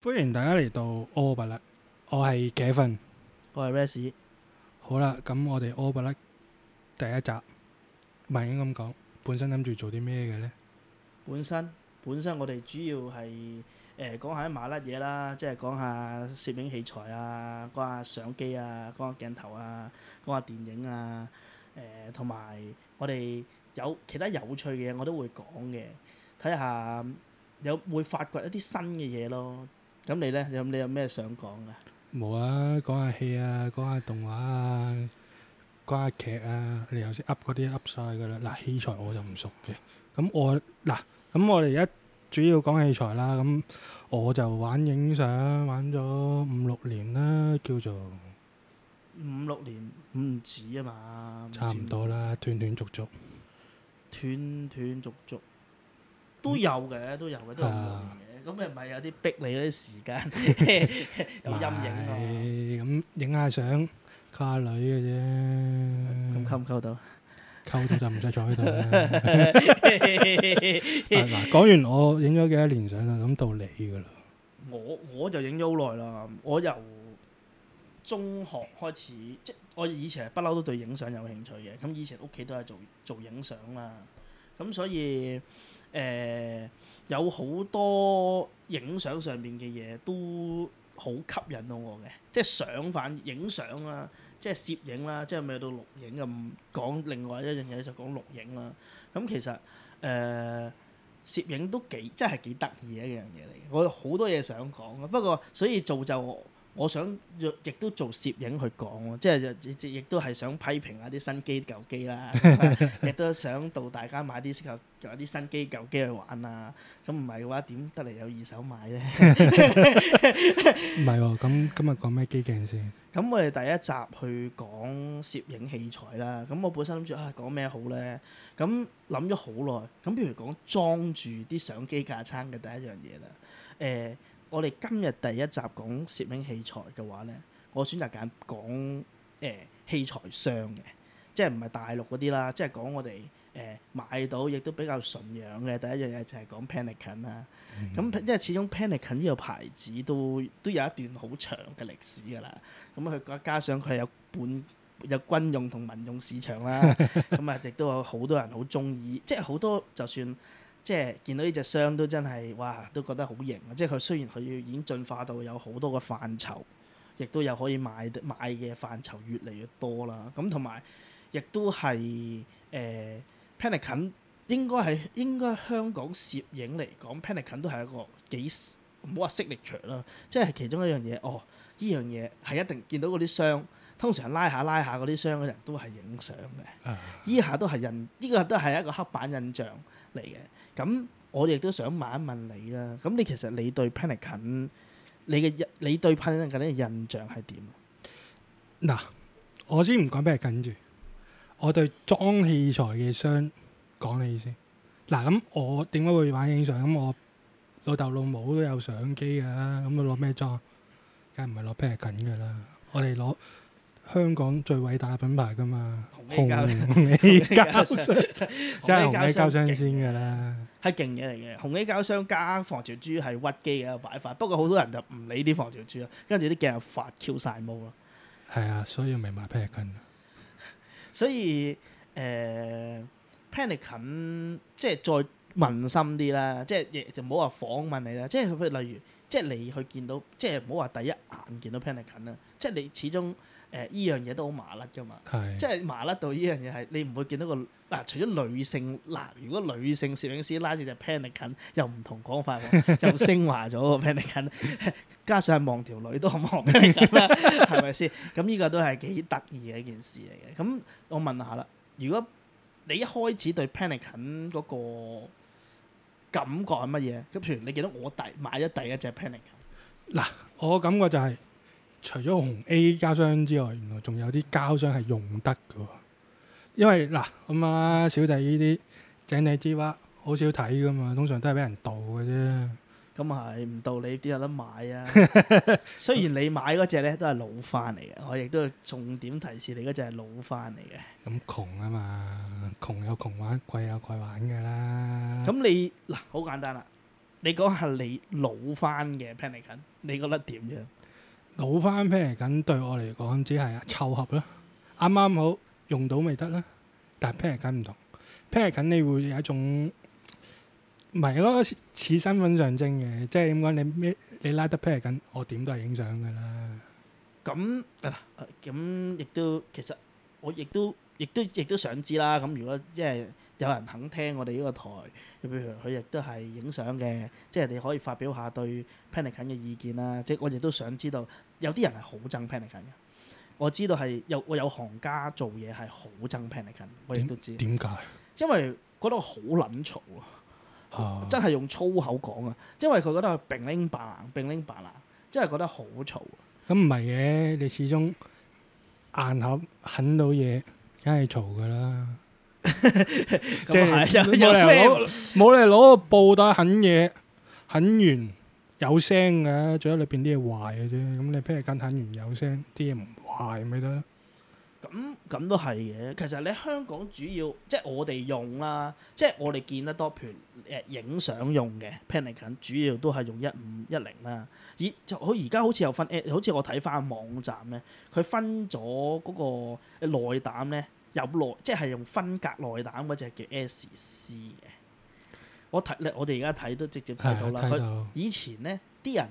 歡迎大家嚟到 All But Lat，我係 Kevin，我係 Rex，好啦，咁我哋 All But Lat 第一集，慢啲咁講，本身諗住做啲咩嘅咧？本身本身我哋主要係誒講下啲馬甩嘢啦，即係講下攝影器材啊，講下相機啊，講下鏡頭啊，講下電影啊，誒同埋我哋有其他有趣嘅嘢，我都會講嘅，睇下有會發掘一啲新嘅嘢咯。咁你呢有你有咩想講噶？冇啊！講下戲啊，講下動畫啊，講下劇啊。你頭先噏嗰啲噏晒噶啦。嗱，器材我就唔熟嘅。咁我嗱，咁我哋而家主要講器材啦。咁我就玩影相，玩咗五六年啦，叫做五六年唔止啊嘛。差唔多啦，斷斷續續，斷斷續續都有嘅，都有嘅，都唔同嘅。咁誒咪有啲逼你嗰啲時間， 有陰影咯、啊。咁影 下相，溝下女嘅啫。溝溝唔溝到？溝到就唔使再喺度啦。嗱，講完我影咗幾多年相啦，咁到你噶啦。我我就影咗好耐啦，我由中學開始，即我以前係不嬲都對影相有興趣嘅。咁以前屋企都係做做影相啦，咁所以。誒、呃、有好多影相上面嘅嘢都好吸引到我嘅，即係相反影相啦，即係攝影啦，即係咪到錄影咁講，另外一樣嘢就講錄影啦。咁、嗯、其實誒、呃、攝影都幾真係幾得意嘅一樣嘢嚟，我有好多嘢想講，不過所以造就。我想亦亦都做攝影去講咯，即係亦都係想批評下啲新機舊機啦， 亦都想到大家買啲新機舊機去玩啊！咁唔係嘅話，點得嚟有二手買咧？唔係喎，咁今日講咩機鏡先？咁 我哋第一集去講攝影器材啦。咁我本身諗住啊，講咩好咧？咁諗咗好耐，咁不如講裝住啲相機架撐嘅第一樣嘢啦，誒、呃。我哋今日第一集講攝影器材嘅話咧，我選擇揀講誒器材商嘅，即係唔係大陸嗰啲啦，即係講我哋誒、欸、買到亦都比較純養嘅第一樣嘢就係講 PELICAN 啦。咁、嗯、哼因為始終 PELICAN 呢個牌子都都有一段好長嘅歷史㗎啦。咁佢加上佢係有本有軍用同民用市場啦，咁啊 亦都有好多人好中意，即係好多就算。即係見到呢隻箱都真係，哇！都覺得好型啊！即係佢雖然佢已經進化到有好多個範疇，亦都有可以買買嘅範疇越嚟越多啦。咁同埋亦都係誒、呃、PELICAN，應該係應該香港攝影嚟講，PELICAN 都係一個幾唔好話視力長啦。即係其中一樣嘢，哦，依樣嘢係一定見到嗰啲箱，通常拉下拉下嗰啲箱嘅人都係影相嘅。依、uh huh. 下都係印，呢、這個都係一個黑板印象嚟嘅。咁我亦都想問一問你啦。咁你其實你對 Pelican 你嘅印你對 Pelican 呢嘅印象係點？嗱，我先唔講 Pelican 住，我對裝器材嘅箱講你意思。嗱，咁我點解會玩影相？咁我老豆老母都有相機㗎，咁我攞咩裝？梗係唔係攞 Pelican 㗎啦？我哋攞。香港最偉大嘅品牌㗎嘛，紅衣膠箱，梗係紅衣膠箱 先㗎啦，係勁嘢嚟嘅，紅衣膠箱加防潮珠係屈機嘅擺法。不過好多人就唔理啲防潮珠咯，跟住啲鏡又發翹曬毛咯。係啊，所以咪買、呃、PELICAN，所以誒 PELICAN 即係再心、嗯、即問心啲啦，即係就唔好話訪問你啦，即係譬如例如，即係你去見到，即係唔好話第一眼見到 PELICAN 啦，即係你始終。誒依、嗯、樣嘢都好麻甩噶嘛，是的 即係麻甩到依樣嘢係你唔會見到個嗱、啊，除咗女性嗱、啊，如果女性攝影師拉住隻 PELICAN 又唔同講法， 又升華咗個 PELICAN 加上望條女都好望 PELICAN 係咪先？咁呢 個都係幾得意嘅一件事嚟嘅。咁我問下啦，如果你一開始對 PELICAN 嗰個感覺係乜嘢？咁譬如你見到我買第買咗第一隻 PELICAN 嗱，我感覺就係、是。除咗紅 A 膠箱之外，原來仲有啲膠箱係用得嘅。因為嗱咁啊，小弟呢啲井底之蛙好少睇嘅嘛，通常都係俾人盜嘅啫。咁係唔盜，你啲有得買啊？ 雖然你買嗰隻咧都係老番嚟嘅，我亦都係重點提示你嗰隻係老番嚟嘅。咁、嗯、窮啊嘛，窮有窮玩，貴有貴玩嘅啦。咁你嗱好簡單啦，你講下你老番嘅 Pelican，你覺得點樣？倒翻 pair 緊對我嚟講只係湊合咯，啱啱好用到咪得啦。但 pair 緊唔同，pair 緊你會有一種唔係嗰個似身份象徵嘅，即係點講？你咩你拉得 pair 緊，我點、啊、都係影相嘅啦。咁啊咁亦都其實我亦都亦都亦都想知啦。咁如果即係有人肯聽我哋呢個台，譬如佢亦都係影相嘅，即係你可以發表下對 pair 緊嘅意見啦。即我亦都想知道。有啲人係好憎 Pelican 嘅，我知道係有我有行家做嘢係好憎 Pelican，我亦都知。點解何？因為覺得好撚嘈啊！啊真係用粗口講啊！因為佢覺得佢並拎扮硬，並拎扮硬，真係覺得好嘈。咁唔係嘅，你始終硬盒啃到嘢，梗係嘈㗎啦。即係冇理由攞，冇理由攞個布袋啃嘢，啃完。 有聲嘅，仲有裏邊啲嘢壞嘅啫。咁你 Pelican 肯定唔有聲，啲嘢唔壞咪得咯。咁咁都係嘅。其實你香港主要即係我哋用啦，即係我哋見得多拍誒影相用嘅 Pelican，主要都係用一五一零啦。而就好而家好似有分 S，好似我睇翻網站咧，佢分咗嗰個內膽咧，有內即係用分隔內膽嗰隻叫 SC 嘅。我睇咧，我哋而家睇都直接睇到啦。佢以前咧，啲人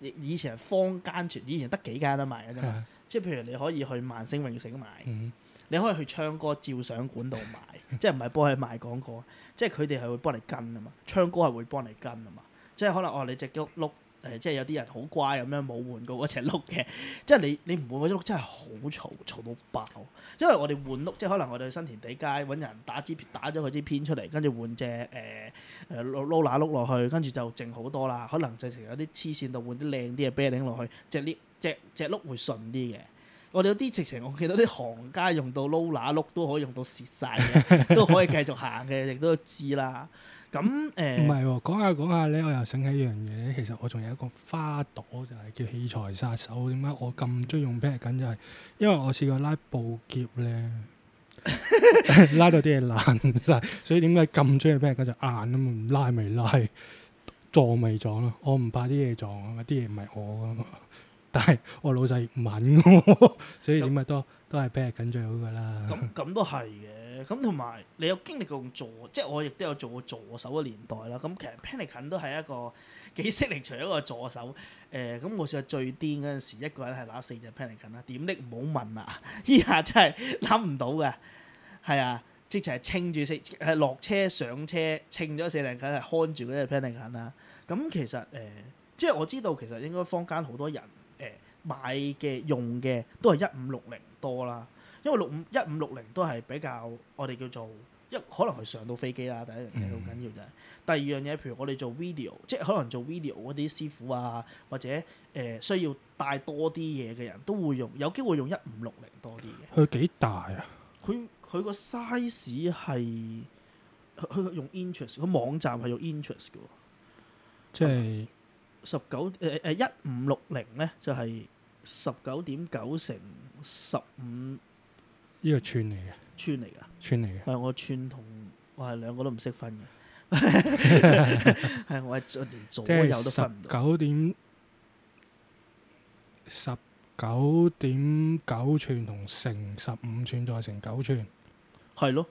以前係坊間前，以前得幾間得賣嘅啫嘛。是的 即係譬如你可以去萬星永城買，嗯、你可以去唱歌照相館度買，嗯、即係唔係幫你賣廣告？ 即係佢哋係會幫你跟啊嘛。唱歌係會幫你跟啊嘛。即係可能哦，你隻喐碌。誒，即係有啲人好乖咁樣冇換過嗰隻碌嘅，即係你你唔換嗰隻碌真係好嘈，嘈到爆，因為我哋換碌，即係可能我哋去新田地街揾人打支打咗佢支片出嚟，跟住換隻誒誒撈撈乸碌落去，跟住就靜好多啦。可能直情有啲黐線度換啲靚啲嘅啤鈴落去，隻呢隻隻碌會順啲嘅。我哋有啲直情，我見到啲行家用到撈乸碌都可以用到蝕晒嘅，都可以繼續行嘅， 亦都知啦。咁誒，唔係喎，講下講下咧，我又醒起一樣嘢，其實我仲有一個花朵就係、是、叫器材殺手，點解我咁中意用啤緊就係、是，因為我試過拉布劫咧， 拉到啲嘢爛晒。所以點解咁中意啤緊就硬啊嘛。唔拉咪拉，撞咪撞咯，我唔怕啲嘢撞啊，啲嘢唔係我啊嘛，但係我老細唔肯， 所以點解那都都係啤緊最好噶啦。咁咁都係嘅。咁同埋你有經歷過用助，即係我亦都有做過助手嘅年代啦。咁其實 PELICAN 都係一個幾適應，除咗個助手，誒、呃、咁我想最癲嗰陣時，一個人係拿四隻 PELICAN 啦，點拎唔好問啊！依下真係諗唔到嘅，係啊，即係清住四係落車上車清咗四零斤，係看住嗰隻 PELICAN 啦、啊。咁其實誒、呃，即係我知道其實應該坊間好多人誒、呃、買嘅用嘅都係一五六零多啦。因為六五一五六零都係比較，我哋叫做一可能係上到飛機啦。第一樣嘢好緊要嘅。嗯、第二樣嘢，譬如我哋做 video，即係可能做 video 嗰啲師傅啊，或者誒、呃、需要帶多啲嘢嘅人都會用有機會用一五六零多啲嘅。佢幾大啊？佢佢個 size 係佢佢用 interest 個網站係用 interest 嘅，即係十九誒誒一五六零咧，就係十九點九乘十五。呢個寸嚟嘅，寸嚟㗎，寸嚟嘅。我寸我寸同我係兩個都唔識分嘅，係我係我左右都分唔到。十九點，十九點九寸同乘十五寸再乘九寸，係咯，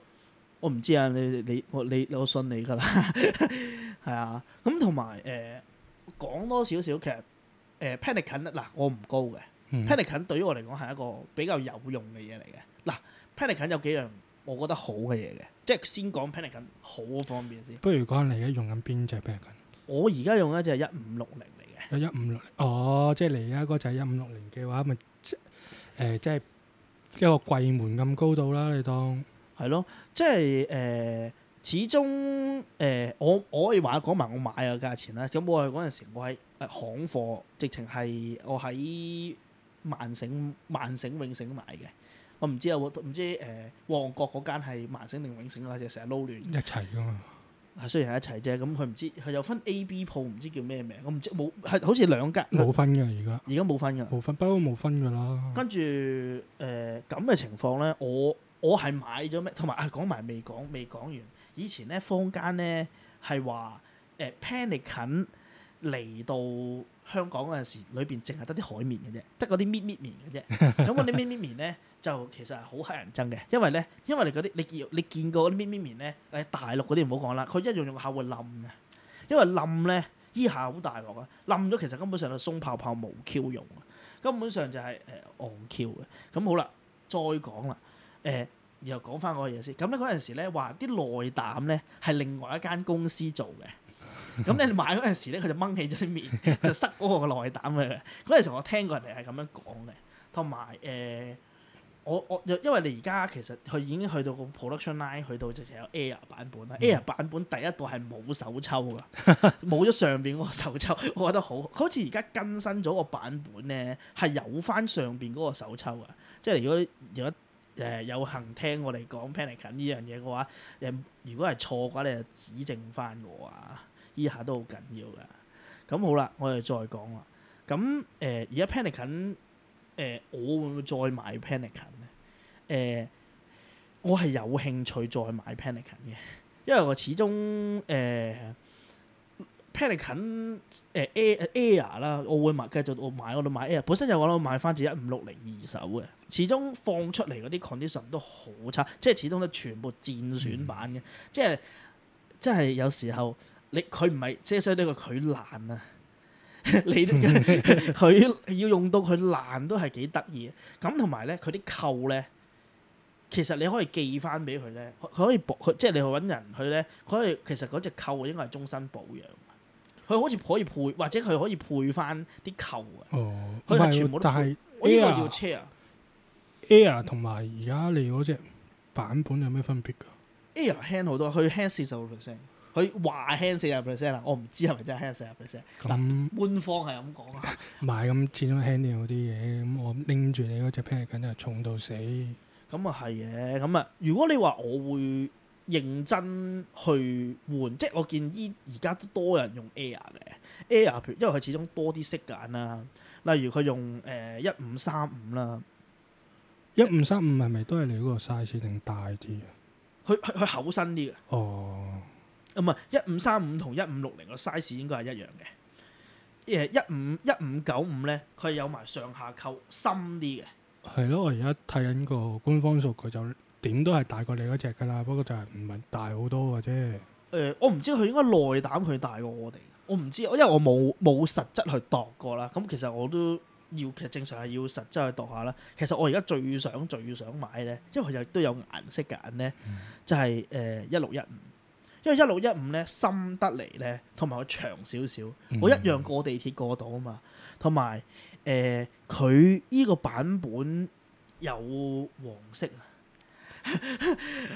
我唔知啊！你你我你我信你㗎啦， 係啊。咁同埋誒講多少少，其實誒、呃、PELICAN、呃、嗱我唔高嘅，PELICAN 對於我嚟講係一個比較有用嘅嘢嚟嘅。嗱，PELICAN 有幾樣我覺得好嘅嘢嘅，即係先講 PELICAN 好方便先。不如講你而家用緊邊隻 PELICAN？我而家用一隻一五六零嚟嘅。有一五六零哦，即係你而家嗰隻一五六零嘅話，咪、就、誒、是呃、即係一個櫃門咁高度啦，你當。係咯，即係誒、呃，始終誒、呃，我我可以話講埋我買嘅價錢啦。咁我係嗰陣時我，我係行貨，直情係我喺萬城、萬城永城買嘅。我唔知啊，唔知誒旺角嗰間係萬盛定永盛啦，就成日撈亂。一齊噶嘛，係雖然係一齊啫，咁佢唔知佢有分 A、B 鋪，唔知叫咩名，我唔知冇係好似兩間。冇分噶，而家，而家冇分噶。冇分，分，不過冇分噶啦。跟住誒咁嘅情況咧，我我係買咗咩？同埋啊，講埋未講未講完。以前咧坊間咧係話誒 Pelican 嚟到香港嗰陣時，裏邊淨係得啲海綿搣搣棉嘅啫，得嗰啲搣搣棉嘅啫。咁嗰啲搣搣棉咧，就其實係好乞人憎嘅，因為咧，因為你嗰啲你你見過啲搣搣棉咧喺大陸嗰啲唔好講啦，佢一樣用下會冧嘅，因為冧咧依下好大鑊啊！冧咗其實根本上就鬆泡泡冇 Q 用啊，根本上就係誒戇 Q 嘅。咁、呃、好啦，再講啦，誒又講翻嗰個嘢先。咁咧嗰陣時咧話啲內膽咧係另外一間公司做嘅。咁 你買嗰陣時咧，佢就掹起咗啲面，就塞嗰個個內膽嘅。嗰陣時我聽過人哋係咁樣講嘅。同埋誒，我我因為你而家其實佢已經去到個 production line，去到直情有 air 版本啦。air、嗯、版本第一代係冇手抽噶，冇咗 上邊嗰個手抽。我覺得好好似而家更新咗個版本咧，係有翻上邊嗰個手抽嘅。即係如果如果誒有幸聽我哋講 PELICAN 呢樣嘢嘅話，誒如果係錯嘅話，你就指正翻我啊！呢下都好緊要㗎，咁好啦，我哋再講啦。咁誒，而、呃、家 Pelican 誒、呃，我會唔會再買 Pelican 咧？誒、呃，我係有興趣再買 Pelican 嘅，因為我始終誒、呃、Pelican 誒、呃、Air 啦，我會買繼續我買我度買 Air，本身就有講買翻自一五六零二手嘅，始終放出嚟嗰啲 condition 都好差，即係始終都全部戰損版嘅，嗯、即係即係有時候。你佢唔係，即係所以呢個佢爛啊！ 你佢 要用到佢爛都係幾得意。咁同埋咧，佢啲扣咧，其實你可以寄翻俾佢咧，佢可以即係你去揾人去咧，可以其實嗰隻扣應該係終身保養。佢好似可以配，或者佢可以配翻啲扣啊。哦，佢係全部都係，但係是 Air、哦這個、要車啊！Air 同埋而家你嗰隻版本有咩分別㗎？Air 輕好多，佢輕四十個 percent。佢話輕四十 percent 啦，我唔知係咪真係輕四十 percent。咁官、嗯、方係咁講啊，唔係咁，始終輕啲好啲嘢。咁我拎住你嗰隻 pair 緊係重到死。咁啊係嘅，咁、嗯、啊、嗯，如果你話我會認真去換，即係我見依而家都多人用 Air 嘅 Air，因為佢始終多啲色揀啦。例如佢用誒、呃、一五三五啦，一五三五係咪都係你嗰個 size 定大啲嘅？佢佢佢厚身啲嘅。哦。唔係，一五三五同一五六零個 size 應該係一樣嘅。誒一五一五九五咧，佢係有埋上下扣深啲嘅。係咯，我而家睇緊個官方數，佢就點都係大過你嗰隻噶啦。不過就係唔係大好多嘅啫。誒、呃，我唔知佢應該內膽去大過我哋。我唔知，因為我冇冇實質去度過啦。咁其實我都要，其實正常係要實質去度下啦。其實我而家最想最想買咧，因為又都有顏色嘅揀咧、嗯，就係誒一六一五。呃因為一六一五咧，深得嚟咧，同埋我長少少，嗯嗯我一樣過地鐵過到啊嘛。同埋誒，佢、呃、依個版本有黃色、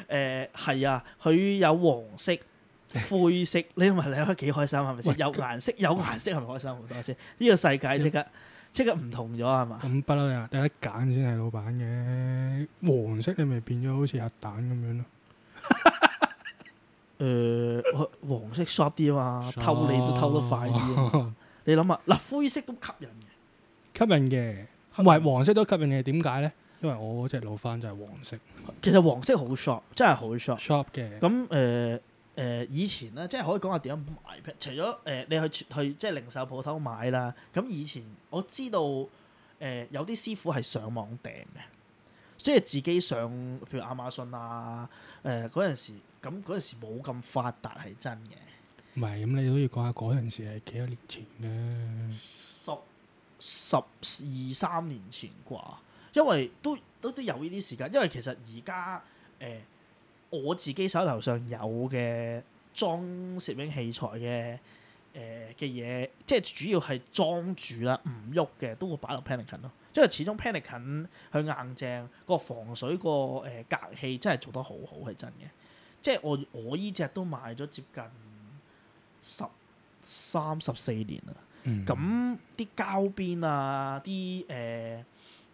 呃、啊，誒係啊，佢有黃色、灰色， 你同埋你開幾開心啊？係咪有顏色？有顏色係咪開心好多先？呢喂個世界即刻即、呃、刻唔同咗係嘛？咁不嬲呀、嗯，第一揀先係老闆嘅黃色是是，你咪變咗好似核彈咁樣咯。誒、呃，黃色 shop 啲啊嘛，偷你都偷得快啲。 你諗下，嗱灰色都吸引嘅，吸引嘅。唔係是黃色都吸引嘅，點解咧？因為我嗰隻老番就係黃色。其實黃色好 shop，真係好 shop。shop 嘅。咁誒誒，以前咧，即係可以講下點樣買。除咗誒、呃，你去去即係零售鋪頭買啦。咁以前我知道誒、呃，有啲師傅係上網訂。即係自己上，譬如亞馬遜、呃、啊，誒嗰陣時，咁嗰陣時冇咁發達係真嘅。唔係，咁你都要講下嗰陣時係幾多年前咧？十十二三年前啩，因為都都都有呢啲時間。因為其實而家誒我自己手頭上有嘅裝攝影器材嘅誒嘅嘢，即係主要係裝住啦，唔喐嘅都會擺落 PELICAN 咯。因為始終 PELICAN 佢硬正個防水個誒隔氣真係做得好好係真嘅，即係我我依隻都買咗接近十三十四年啦，咁啲膠邊啊、啲誒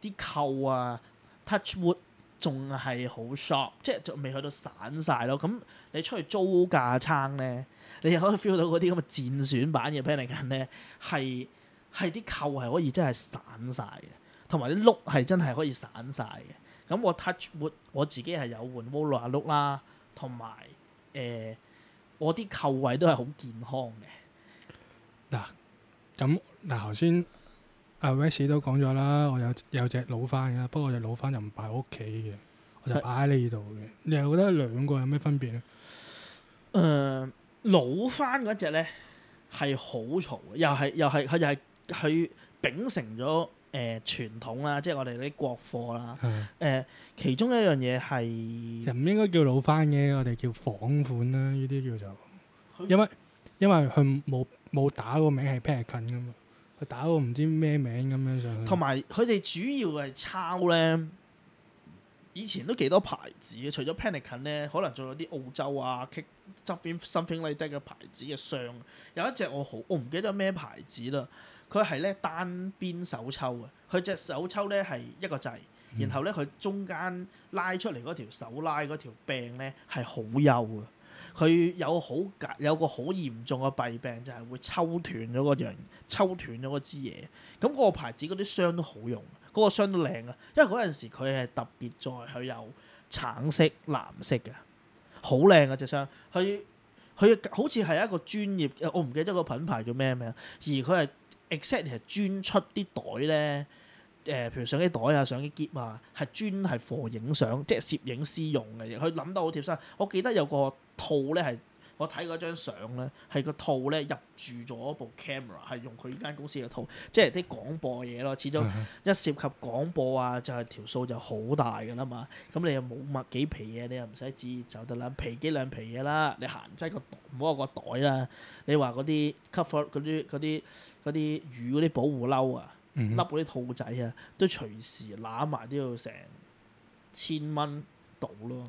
啲扣啊、Touch Wood 仲係好 sharp，即係仲未去到散晒咯。咁你出去租架撐咧，你又可以 feel 到嗰啲咁嘅戰損版嘅 PELICAN 咧，係係啲扣係可以真係散晒嘅。同埋啲碌係真係可以散晒嘅，咁我 touch wood 我自己係有換 Volare 碌啦，同埋誒我啲扣位都係好健康嘅。嗱，咁嗱頭先阿 West 都講咗啦，我有有隻老翻啦，不過隻老翻又唔擺屋企嘅，我就擺喺你呢度嘅。你又覺得兩個有咩分別咧？誒、呃，老翻嗰隻咧係好嘈，又係又係佢就係佢秉承咗。誒、呃、傳統啦，即係我哋啲國貨啦。誒、嗯呃，其中一樣嘢係，其實唔應該叫老翻嘅，我哋叫仿款啦。呢啲叫做，因為他因為佢冇冇打個名係 Pelican 噶嘛，佢打個唔知咩名咁樣上去。同埋佢哋主要係抄咧，以前都幾多牌子嘅，除咗 Pelican 咧，可能仲有啲澳洲啊、K 側邊 Something, Something Like That 嘅牌子嘅箱，有一隻我好我唔記得咩牌子啦。佢係咧單邊手抽嘅，佢隻手抽咧係一個掣，然後咧佢中間拉出嚟嗰條手拉嗰條柄咧係好幼嘅，佢有好有個好嚴重嘅弊病就係會抽斷咗嗰樣，抽斷咗嗰支嘢。咁嗰個牌子嗰啲箱都好用，嗰、這個箱都靚啊，因為嗰陣時佢係特別在佢有橙色、藍色嘅，好靚啊隻箱。佢佢好似係一個專業，我唔記得個品牌叫咩名，而佢係。exactly 係專出啲袋咧，誒、呃，譬如相機袋啊、相機篋啊，係專係幫影相，即係攝影師用嘅。佢諗得好貼心，我記得有個套咧係。我睇嗰張相咧，係個套咧入住咗部 camera，係用佢依間公司嘅套，即係啲廣播嘢咯。始終一涉及廣播啊，就係條數就好大㗎啦嘛。咁你又冇乜幾皮嘢，你又唔使指意就得啦。皮幾兩皮嘢啦，你行即係個袋，唔好話個袋啦。你話嗰啲 c 吸火嗰啲嗰啲嗰啲魚嗰啲保護褸啊，笠嗰啲兔仔啊，都隨時揦埋都要成千蚊到咯。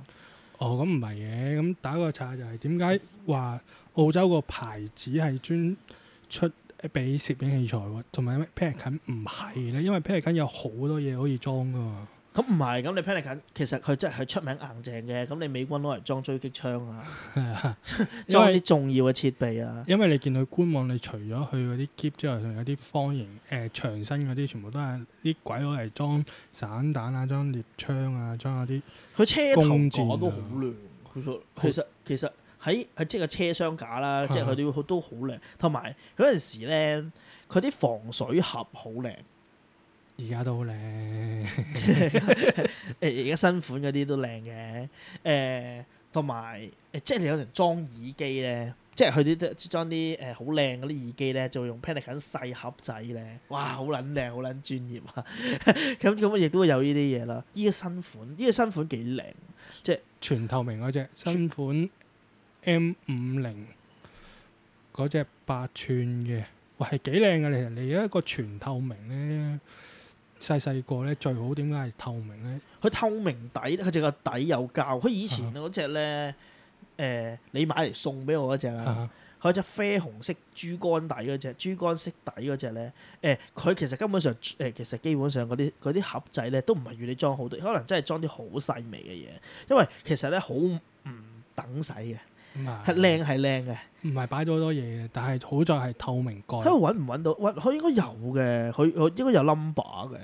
哦，咁唔係嘅，咁打個岔就係點解話澳洲個牌子係專出俾攝影器材喎？同埋咩 PELICAN 唔係咧？因為 PELICAN 有好多嘢可以裝噶。咁唔係，咁你 PELICAN 其實佢真係出名硬淨嘅。咁你美軍攞嚟裝狙擊槍啊， 裝啲重要嘅設備啊。因為，因為你見佢官網，你除咗佢嗰啲 keep 之外，仲有啲方形誒、呃、長身嗰啲，全部都係啲鬼佬嚟裝散彈啊，裝獵槍啊，裝嗰啲。佢車頭架都好靚，其實其實其實喺喺即係車廂架啦，即係佢哋都好靚。同埋嗰陣時咧，佢啲防水盒好靚。而家都好靚，誒而家新款嗰啲都靚嘅，誒同埋誒，即係你有人裝耳機咧，即係佢啲裝啲誒好靚嗰啲耳機咧，就用 PELICAN 細盒仔咧，哇，好撚靚，好撚專業啊！咁咁，亦 都會有呢啲嘢啦。依、這個新款，依、這個新款幾靚，即係全透明嗰隻新款 M 五零嗰隻八寸嘅，喂，係幾靚嘅嚟嚟，你一個全透明咧。細細個咧最好點解係透明咧？佢透明底，佢隻個底有膠。佢以前嗰隻咧，誒、啊呃、你買嚟送俾我嗰隻，佢隻、啊、啡紅色珠光底嗰隻，珠光色底嗰隻咧，誒佢其實根本上，誒其實基本上嗰啲嗰啲盒仔咧，都唔係預你裝好多，可能真係裝啲好細微嘅嘢，因為其實咧好唔等使嘅。係靚，係靚嘅，唔係擺咗好多嘢嘅，但係好在係透明蓋。喺度揾唔揾到？揾佢應該有嘅，佢佢應該有 number 嘅。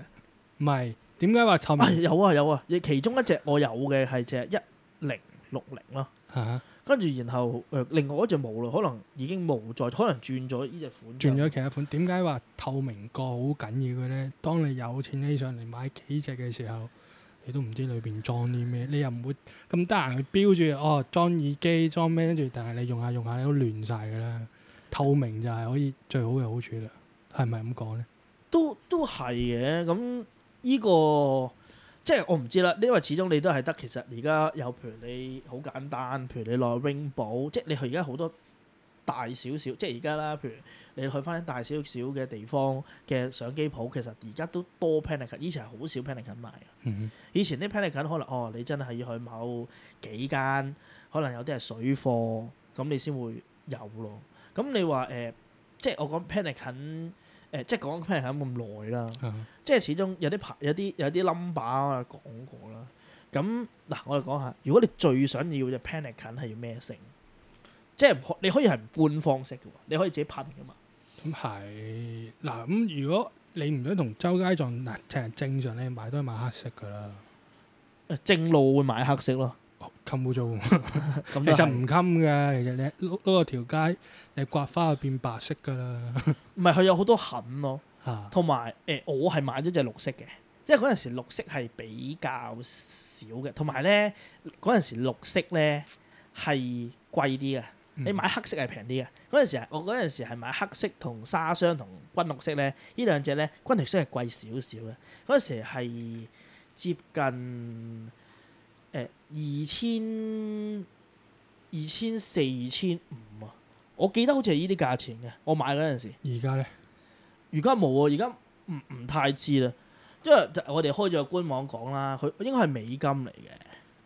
唔係，點解話透明？有啊有啊，亦、啊、其中一隻我有嘅係只一零六零咯。跟住然後誒，另外一隻冇啦，可能已經冇再，可能轉咗呢隻款，轉咗其他款。點解話透明蓋好緊要嘅呢？當你有錢起上嚟買幾隻嘅時候。你都唔知裏邊裝啲咩，你又唔會咁得閒去標住哦裝耳機裝咩，跟住但係你用下用下你都亂晒㗎啦。透明就係可以最好嘅好處啦，係咪咁講呢？都都係嘅，咁呢個即係我唔知啦，因為始終你都係得其實而家有譬如你好簡單，譬如你來 Ring 保，即係你去而家好多大少少，即係而家啦，譬如。你去翻大少少嘅地方嘅相機鋪，其實而家都多 PELICAN，以前係好少 PELICAN 買、嗯、以前啲 PELICAN 可能哦，你真係要去某幾間，可能有啲係水貨，咁你先會有咯。咁你話誒、呃，即係我講 PELICAN 即係、呃、講 PELICAN 咁耐啦。即係、嗯、始終有啲牌，有啲有啲 number 講過啦。咁嗱，我哋講下，如果你最想要嘅 PELICAN 係要咩性？即係你可以係唔官方式嘅，你可以自己噴嘅嘛。咁係嗱，咁、嗯、如果你唔想同周街撞嗱，正、啊、正常咧買都係買黑色噶啦。正路會買黑色咯，襟污糟， 嗯、其實唔襟嘅。其實你碌碌個條街，你刮花就變白色噶啦。唔 係，佢有好多痕咯。同埋誒，我係買咗隻綠色嘅，因為嗰陣時綠色係比較少嘅，同埋咧嗰陣時綠色咧係貴啲嘅。你買黑色係平啲嘅，嗰陣時我嗰陣時係買黑色同沙箱同軍綠色咧，呢呢兩隻咧軍綠色係貴少少嘅。嗰陣時係接近誒、呃、二千二千四千五啊！我記得好似係呢啲價錢嘅，我買嗰陣時。而家咧？而家冇啊！而家唔唔太知啦，因為就我哋開咗個官網講啦，佢應該係美金嚟嘅，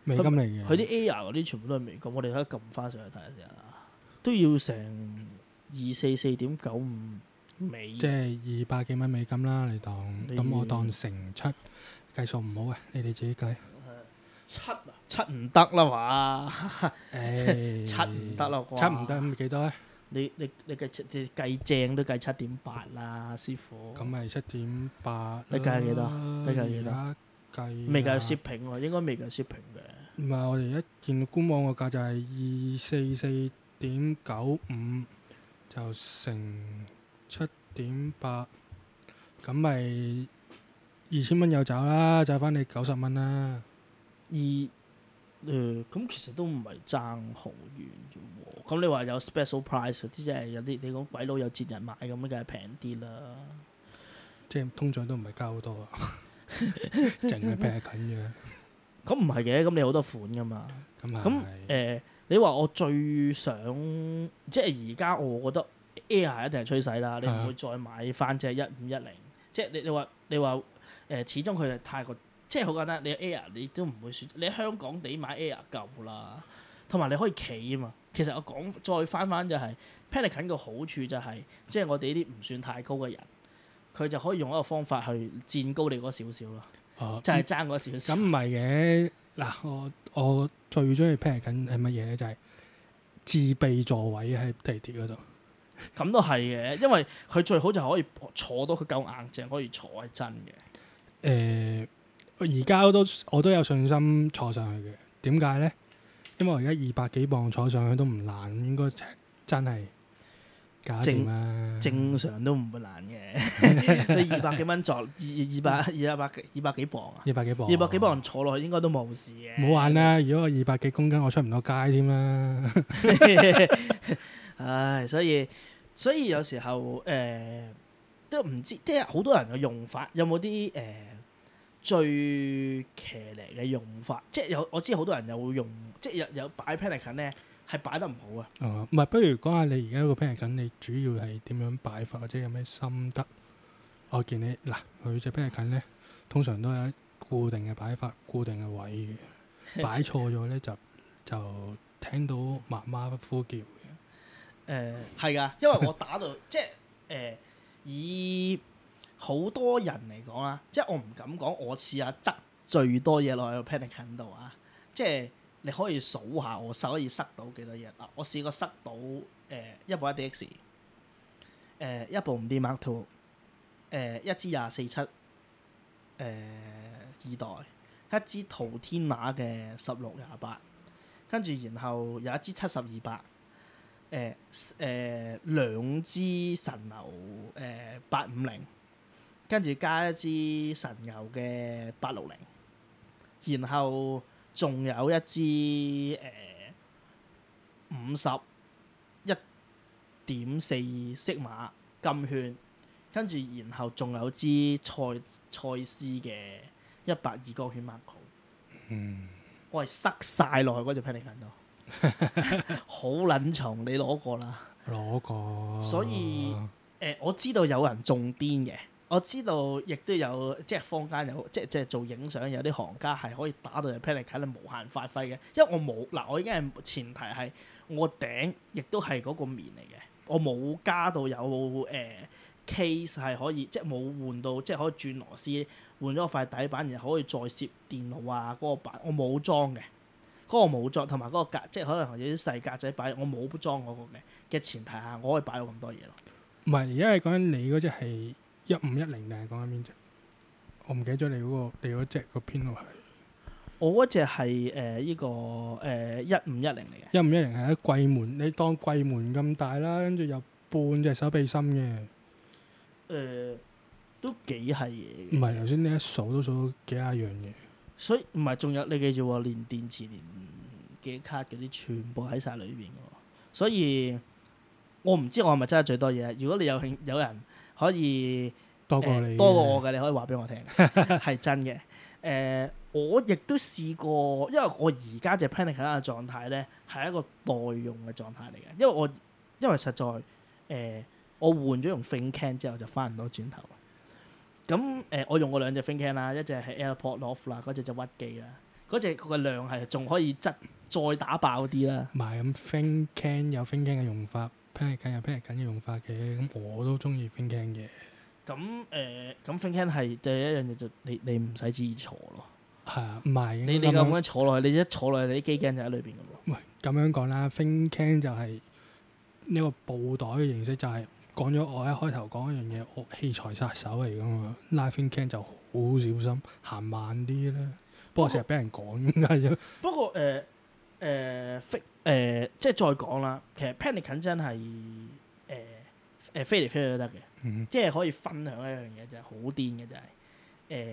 美金嚟嘅。佢啲 Air 嗰啲全部都係美金，我哋而家撳翻上去睇下先。都要成二四四點九五美，即係二百幾蚊美金啦。你當咁你、嗯、我當成七，計數唔好啊！你哋自己計七七唔得啦嘛！七唔得啦， 七唔得咁幾多啊？你你你計七，你，計正都計七點八啦，師傅。咁咪七點八？你計幾多？你計幾多？計未計 shipping 喎？應該未計 shipping 嘅。唔係我哋一見官網個價就係二四四。點九五就乘七點八，咁咪二千蚊又走啦，賺翻你九十蚊啦。二，誒、呃、咁其實都唔係爭好遠喎。咁你話有 special price 即係有啲你講鬼佬有節日買咁樣梗係平啲啦。即係通脹都唔係加好多啊，淨係平緊嘅。咁唔係嘅，咁你好多款噶嘛。咁誒、就係。你話我最想即係而家，我覺得 Air 一定係趨勢啦。的你唔會再買返隻一五一零，即係你你話你話誒，始終佢係太過，即係好簡單。你 Air 你都唔會選，你喺香港地買 Air 夠啦，同埋你可以企啊嘛。其實我講再返返就係 PELICAN 嘅好處就係、是，即係我哋呢啲唔算太高嘅人，佢就可以用一個方法去佔高你嗰少少咯。啊、就即係爭嗰少少。咁唔係嘅，嗱我。我最中意 prepare 緊係乜嘢咧？就係、是、自備座位喺地鐵嗰度。咁都係嘅，因為佢最好就可以坐到，佢夠硬淨可以坐係真嘅。誒、呃，而家我都我都有信心坐上去嘅。點解咧？因為我而家二百幾磅坐上去都唔難，應該真係。正，正常都唔會難嘅，即二百幾蚊坐二二百二百百二百幾磅啊？二百幾磅，二百幾磅坐落去應該都冇事嘅。冇玩啦！如果我二百幾公斤，我出唔到街添啦。 唉，所以所以有時候誒、呃、都唔知，即係好多人嘅用法有冇啲誒最騎呢嘅用法？即係有我知好多人有用，即係有有擺 pan 近咧。係擺得唔好啊！哦，唔係，不如講下你而家個 Pelican 你主要係點樣擺法，或者有咩心得？我見你嗱，佢隻 Pelican 咧，通常都係固定嘅擺法、固定嘅位嘅。擺錯咗咧，就就聽到媽媽呼叫。誒、呃，係噶，因為我打到 即係誒、呃，以好多人嚟講啦，即係我唔敢講，我試下執最多嘢落喺個 Pelican 度啊！即係。你可以數下我手可以塞到幾多嘢？嗱，我試過塞到誒、呃、一部一 D X，誒、呃、一部五 D Mark Two，誒、呃、一支廿四七，誒二代，一支淘天馬嘅十六廿八，跟住然後有一支七十二八，誒、呃、誒兩支神牛誒八五零，跟、呃、住加一支神牛嘅八六零，然後。仲有一支誒五十一點四色馬金圈，跟住然後仲有支賽賽斯嘅一百二個犬碼球，嗯，我係塞晒落去嗰隻 Pelican 度，好撚重，你攞過啦，攞過，所以誒、呃、我知道有人中癲嘅。我知道亦都有即係坊間有，即係即係做影相有啲行家係可以打到入 Pelican 無限發揮嘅，因為我冇嗱，我已經係前提係我頂亦都係嗰個面嚟嘅，我冇加到有誒、呃、case 係可以即係冇換到即係可以轉螺絲換咗塊底板，然後可以再攝電腦啊嗰、那個板我冇裝嘅，嗰、那個冇裝同埋嗰個格即係可能有啲細格仔擺我冇裝嗰個嘅前提下，我可以擺到咁多嘢咯。唔係而家係講緊你嗰隻係。一五一零定係講緊邊隻？我唔記得咗你嗰、那個，你嗰、那、隻個編號係。我嗰隻係誒依個誒、呃、一五一零嚟嘅。一五一零係喺櫃門，你當櫃門咁大啦，跟住有半隻手臂深嘅。誒、呃，都幾係嘢，唔係，頭先你一數都數到幾下樣嘢。所以唔係，仲有你記住喎，連電池、連記卡嗰啲，全部喺晒裏邊喎。所以，我唔知我係咪真係最多嘢。如果你有興有人。可以、呃、多過你多過我嘅，你可以話俾我聽，係 真嘅。誒、呃，我亦都試過，因為我而家隻 Pelican 嘅狀態咧係一個待用嘅狀態嚟嘅，因為我因為實在誒、呃，我換咗用 Think Tank 之後就翻唔到轉頭了。咁誒、呃，我用過兩隻 Think Tank 啦，一隻係 Airport Loft 啦，嗰隻就屈機啦，嗰隻佢嘅量係仲可以質再打爆啲啦。唔咪咁 Think Tank 有 Think Tank 嘅用法。梗係梗日俾人緊要用法嘅，咁我都中意 finger 嘅。咁誒、嗯、咁、嗯、finger 係就係一樣嘢，就是、你你唔使自己坐咯。係啊，唔係。你樣你咁樣坐落去，你一坐落去，你啲機鏡就喺裏邊嘅喎。咁樣講啦，finger 就係、是、呢、這個布袋嘅形式、就是，就係講咗我一開頭講一樣嘢，器材殺手嚟㗎嘛。拉 finger 就好小心，行慢啲啦。不過成日俾人講點解啫？不過誒誒誒、呃，即係再講啦。其實 Pelican 真係誒誒飛嚟飛去都得嘅，嗯、即係可以分享一樣嘢就係好癲嘅啫。誒、呃，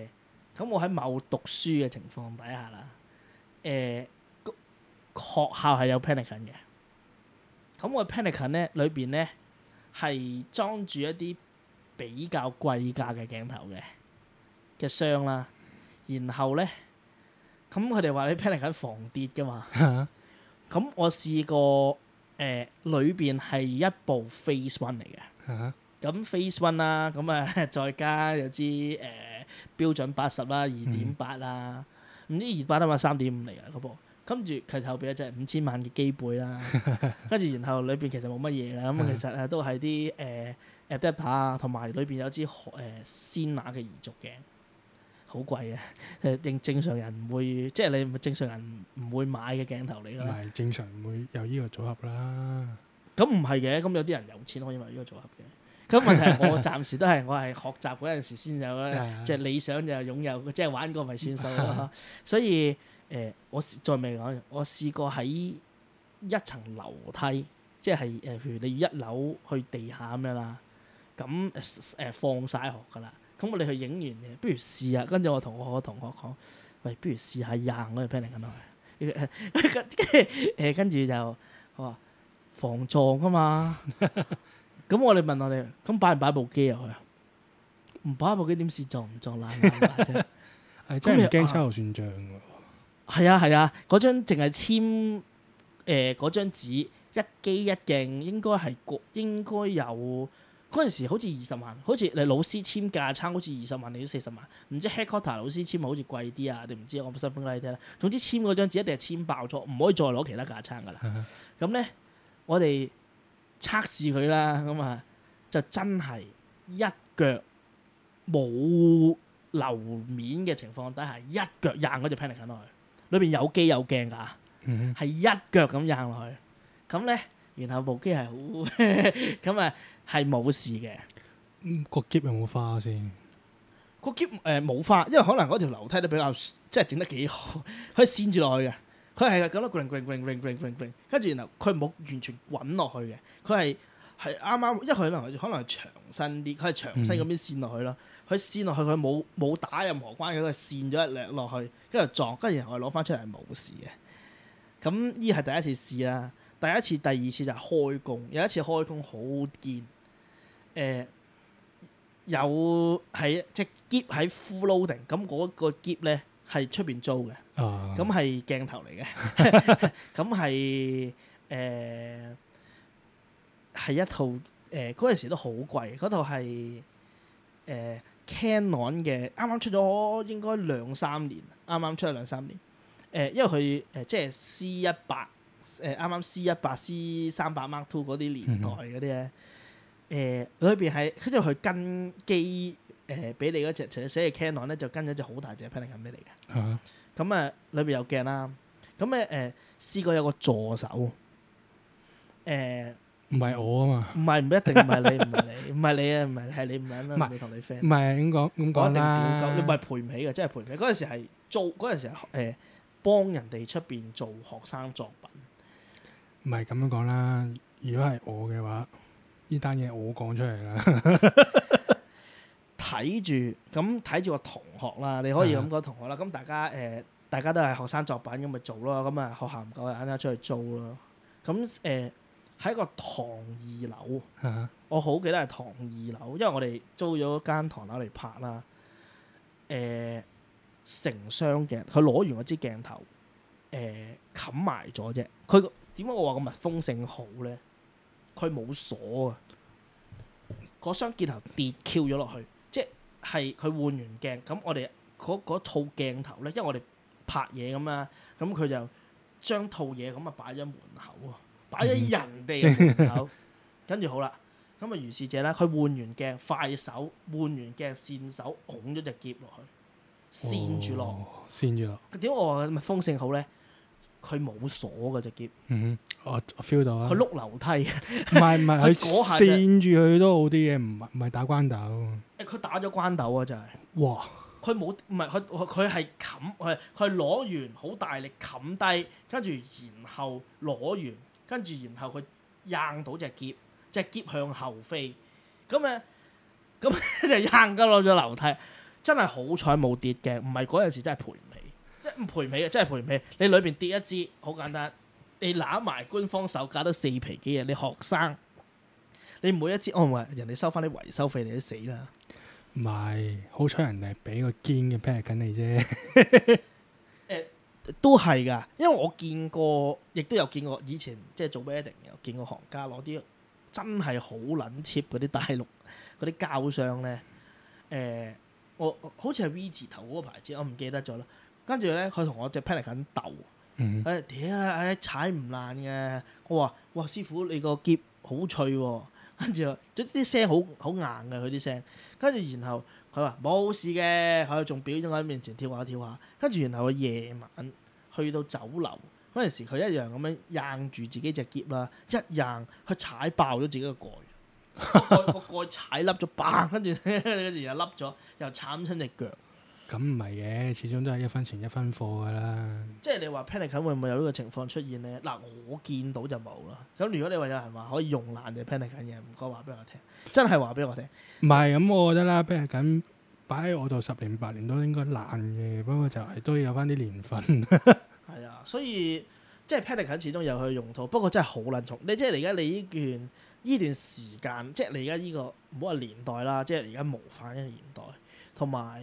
咁我喺某讀書嘅情況底下啦，誒、呃、個學校係有 Pelican 嘅。咁我 Pelican 近咧裏邊咧係裝住一啲比較貴價嘅鏡頭嘅嘅箱啦，然後咧咁佢哋話你 Pelican 防跌嘅嘛。 咁我試過，誒裏邊係一部 Phase One 嚟嘅，咁 Phase、uh huh. One 啦，咁、嗯、啊再加有支誒、呃、標準八十啦、二點八啦，唔、uh huh. 知二八啦嘛、三點五嚟嘅嗰部，跟住其實後邊有隻五千萬嘅機背啦，跟住 然後裏邊其實冇乜嘢啦，咁、嗯 uh huh. 其實誒都係啲誒、呃、Adapter 同埋裏邊有，裡面有支誒仙雅嘅移軸鏡嘅。好貴呀，誒正正常人唔會，即係你唔正常人唔會買嘅鏡頭嚟咯。唔係正常唔會有呢個組合啦。咁唔係嘅，咁有啲人有錢可以買呢個組合嘅。咁問題係我暫時都係 我係學習嗰陣時先有啦，即係 理想就擁有，即係玩過咪算數啦。 所以誒、欸，我再未講，我試過喺一層樓梯，即係誒，譬如你一樓去地下咁樣啦，咁誒放晒學噶啦。咁我哋去影完嘅，不如試下。跟住我同我同學講，喂，不如試下硬我哋 p 你。a n 跟住，啊！跟住就我話防撞噶嘛。咁我哋問我哋，咁擺唔擺部機入去啊？唔擺部機點試撞唔撞爛？係真係驚秋後算賬㗎喎。係啊係啊，嗰張淨係簽誒嗰張紙一機一鏡，應該係個應該有。嗰陣時好似二十萬，好似你老師簽架撐好似二十萬定係四十萬，唔知 headquarter 老師簽好似貴啲啊？你唔知？我冇新聞你聽啦。總之簽嗰張紙一定係簽爆咗，唔可以再攞其他架撐噶啦。咁咧、uh huh.，我哋測試佢啦，咁啊，就真係一腳冇留面嘅情況底下，一腳扔嗰隻 Pelican 落去，裏邊有機有鏡噶，係一腳咁扔落去，咁咧。Uh huh. 然後部機係好咁啊，係 冇事嘅，嗯。個 k 有冇花先？個 k e 冇花，因為可能嗰條樓梯都比較即係整得幾好，佢綫住落去嘅。佢係咁樣跟住，然後佢冇完全滾落去嘅。佢係係啱啱，因為佢可能可能長身啲，佢係長身嗰邊綫落去咯。佢綫落去，佢冇冇打任何關嘅，佢綫咗一兩落去，跟住撞，跟住然後攞翻出嚟冇事嘅。咁依係第一次試啦。第一次、第二次就係開工，有一次開工好堅。誒、呃，有係即係喼喺 full loading 咁嗰個喼咧係出邊租嘅，咁係、啊、鏡頭嚟嘅，咁係誒係一套誒嗰陣時都好貴，嗰套係誒、呃、Canon 嘅，啱啱出咗應該兩三年，啱啱出咗兩三年。誒、呃，因為佢誒即係 C 一百。18, 誒啱啱 C 一百、C 三百 Mark Two 嗰啲年代嗰啲咧，誒裏邊係，因為佢跟機誒俾、呃、你嗰隻，寫嘅 Canon 咧，就跟咗隻好大隻 Pelican 俾你嘅，咁啊，裏邊有鏡啦，咁咧誒試過有個助手，誒唔係我啊嘛，唔係唔一定唔係你，唔係你，唔係 你啊，唔係你係你唔係啦，同你 friend，唔係咁講咁講啦，唔係賠唔起嘅，即係賠唔起嗰陣時係做嗰陣時誒幫人哋出邊做學生作唔係咁樣講啦，如果係我嘅話，呢單嘢我講出嚟啦。睇 住， 咁睇住個同學啦，你可以咁講同學啦。咁大家誒、呃，大家都係學生作品咁，咪做咯。咁啊，學校唔夠啱啱出去租咯。咁誒，喺、呃、個唐二樓， 我好記得係唐二樓，因為我哋租咗間唐樓嚟拍啦。誒、呃，成箱鏡，佢攞完嗰支鏡頭，誒、呃，冚埋咗啫，佢。點解我話個密封性好咧？佢冇鎖啊！嗰雙鏡頭跌翹咗落去，即係佢換完鏡，咁我哋嗰套鏡頭咧，因為我哋拍嘢咁啊，咁佢就將套嘢咁啊擺咗門口，啊，擺咗人哋門口，嗯、跟住好啦，咁啊如是者咧，佢換完鏡快手，換完鏡綫手，拱咗隻夾落去，綫住落，綫住落。點解我話密封性好咧？佢冇鎖嘅隻喼，嗯哼，我 feel 到啊。佢碌樓梯，唔係唔係，佢嗰下綫住佢都好啲嘅，唔係唔係打關鬥。誒，佢打咗關鬥啊，就係。哇！佢冇唔係佢佢佢係冚佢佢攞完好大力冚低，跟住然後攞完，跟住然後佢硬到隻喼，隻喼向後飛，咁啊，咁就硬咗攞咗樓梯，真係好彩冇跌嘅，唔係嗰陣時真係賠。賠唔起嘅，真係賠唔起。你裏邊跌一支，好簡單。你攬埋官方售價都四皮幾嘢，你學生，你每一支我唔係，人哋收翻啲維修費，你都死啦。唔係，好彩人哋俾個堅嘅 pack 緊你啫。誒，都係噶，因為我見過，亦都有見過以前即係做 wedding 有見過行家攞啲真係好撚 cheap 嗰啲大陸嗰啲膠箱咧。誒、呃，我好似係 V 字頭嗰個牌子，我唔記得咗啦。跟住咧，佢同我隻 Pelican 緊鬥，誒屌啦！誒踩唔爛嘅，我話：哇，師傅你個篋好脆喎！跟住，即啲聲好好硬嘅佢啲聲。跟住然後佢話冇事嘅，佢仲表演喺面前跳下跳下。跟住然後佢夜晚去到酒樓嗰陣時，佢一樣咁樣硬住自己隻篋啦，一硬佢踩爆咗自己個蓋，個蓋踩凹咗，嘣！跟住跟住又凹咗，又慘親隻腳。咁唔係嘅，始終都係一分錢一分貨噶啦。即係你話 Pelican 會唔會有呢個情況出現咧？嗱，我見到就冇啦。咁如果你話有人話可以用爛嘅 Pelican 嘢，唔該話俾我聽，真係話俾我聽。唔係咁，我覺得啦，Pelican 擺喺我度十年八年都應該爛嘅，不過就係都要有翻啲年份。係 啊，所以即係 Pelican 始終有佢用途，不過真係好撚重。你即係而家你呢段呢段時間，即係你而家呢個唔好話年代啦，即係而家模範嘅年代，同埋。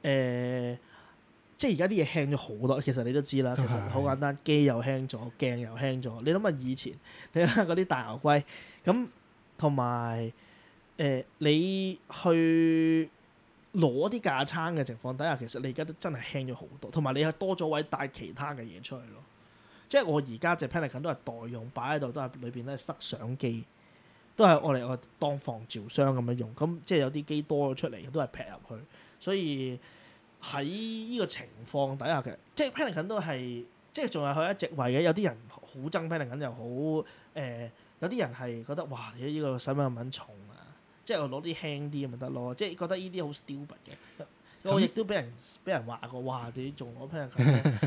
誒、呃，即係而家啲嘢輕咗好多，其實你都知啦。 其實好簡單，機又輕咗，鏡又輕咗。你諗下以前，你睇下嗰啲大牛龜，咁同埋誒，你去攞啲架撐嘅情況底下，其實你而家都真係輕咗好多。同埋你係多咗位帶其他嘅嘢出去咯。即係我而家隻 PELICAN 都係代用擺喺度，都係裏邊咧塞相機，都係我嚟我當防潮箱咁樣用。咁即係有啲機多咗出嚟，都係劈入去。所以喺呢個情況底下嘅，即係 PELICAN 都係即係仲係佢一席位嘅。有啲人好憎 PELICAN 又好，誒、呃、有啲人係覺得哇，你呢個洗乜咁重啊！即係我攞啲輕啲咪得咯，即係覺得呢啲好 stupid 嘅。我亦都俾人俾人話過，哇！你仲攞 PELICAN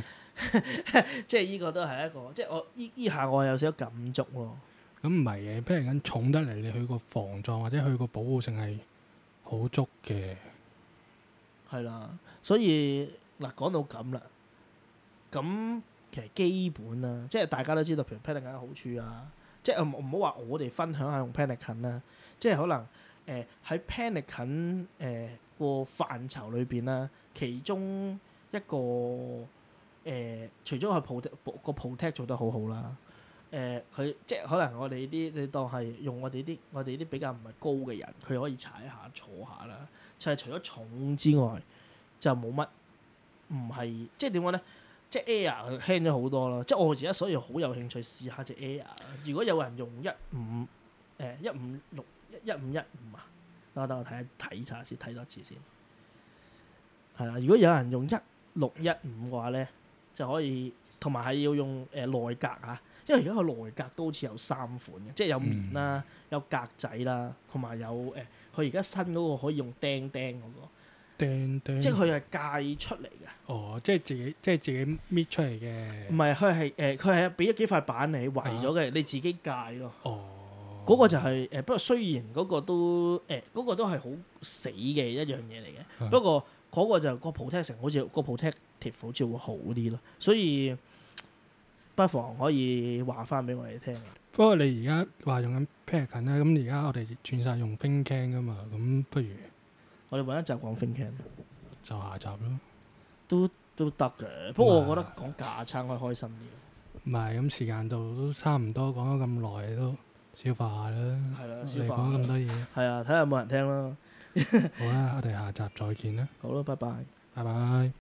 即係呢個都係一個即係我依依下我有少少感觸喎。咁唔係嘅，PELICAN 重得嚟，你佢個防撞或者佢個保護性係好足嘅。係啦，所以嗱講到咁啦，咁其實基本啦，即係大家都知道，譬如 Pelican 嘅好處啊，即係唔好話我哋分享下用 Pelican 啦，即係可能誒喺、呃、Pelican 誒、呃、個範疇裏邊啦，其中一個誒、呃，除咗 protect 做得好好啦，誒、呃、佢即係可能我哋啲你當係用我哋啲我哋啲比較唔係高嘅人，佢可以踩下坐下啦。就係除咗重之外，就冇乜，唔係即係點講咧？即係 Air 輕咗好多啦！即係我而家所以好有興趣試下隻 Air。如果有人用一五誒一五六一一五一五啊，等我睇下，睇查先，睇多次先。係啦，如果有人用一六一五嘅話咧，就可以同埋係要用誒、呃、內格啊。因為而家個內格都好似有三款嘅，即係有棉啦、嗯、有格仔啦，同埋有誒，佢而家新嗰個可以用釘釘嗰、嗰個釘釘，即係佢係戒出嚟嘅。哦，即係自己，即係自己搣出嚟嘅。唔係，佢係誒，佢係俾咗幾塊板你圍咗嘅，啊、你自己戒咯。哦，嗰個就係、是、誒、呃，不過雖然嗰個都誒，嗰、呃嗰個都係好死嘅一樣嘢嚟嘅。啊、不過嗰個就是個 protective 好似、個 protective 好似會好啲咯，所以。不妨可以話翻俾我哋聽。不過你而家話用緊 Pelican 咁，而家我哋轉晒用 fincan 噶嘛，咁不如我哋揾一集講 fincan。就下集咯。都都得嘅，不過是我覺得講架撐可以開心啲。唔係，咁時間度都差唔多講，講咗咁耐都消化下啦。係啦，消化。你講咁多嘢。係啊，睇下、啊、有冇人聽咯。 好啦、啊，我哋下集再見啦。好啦、啊，拜拜。拜拜。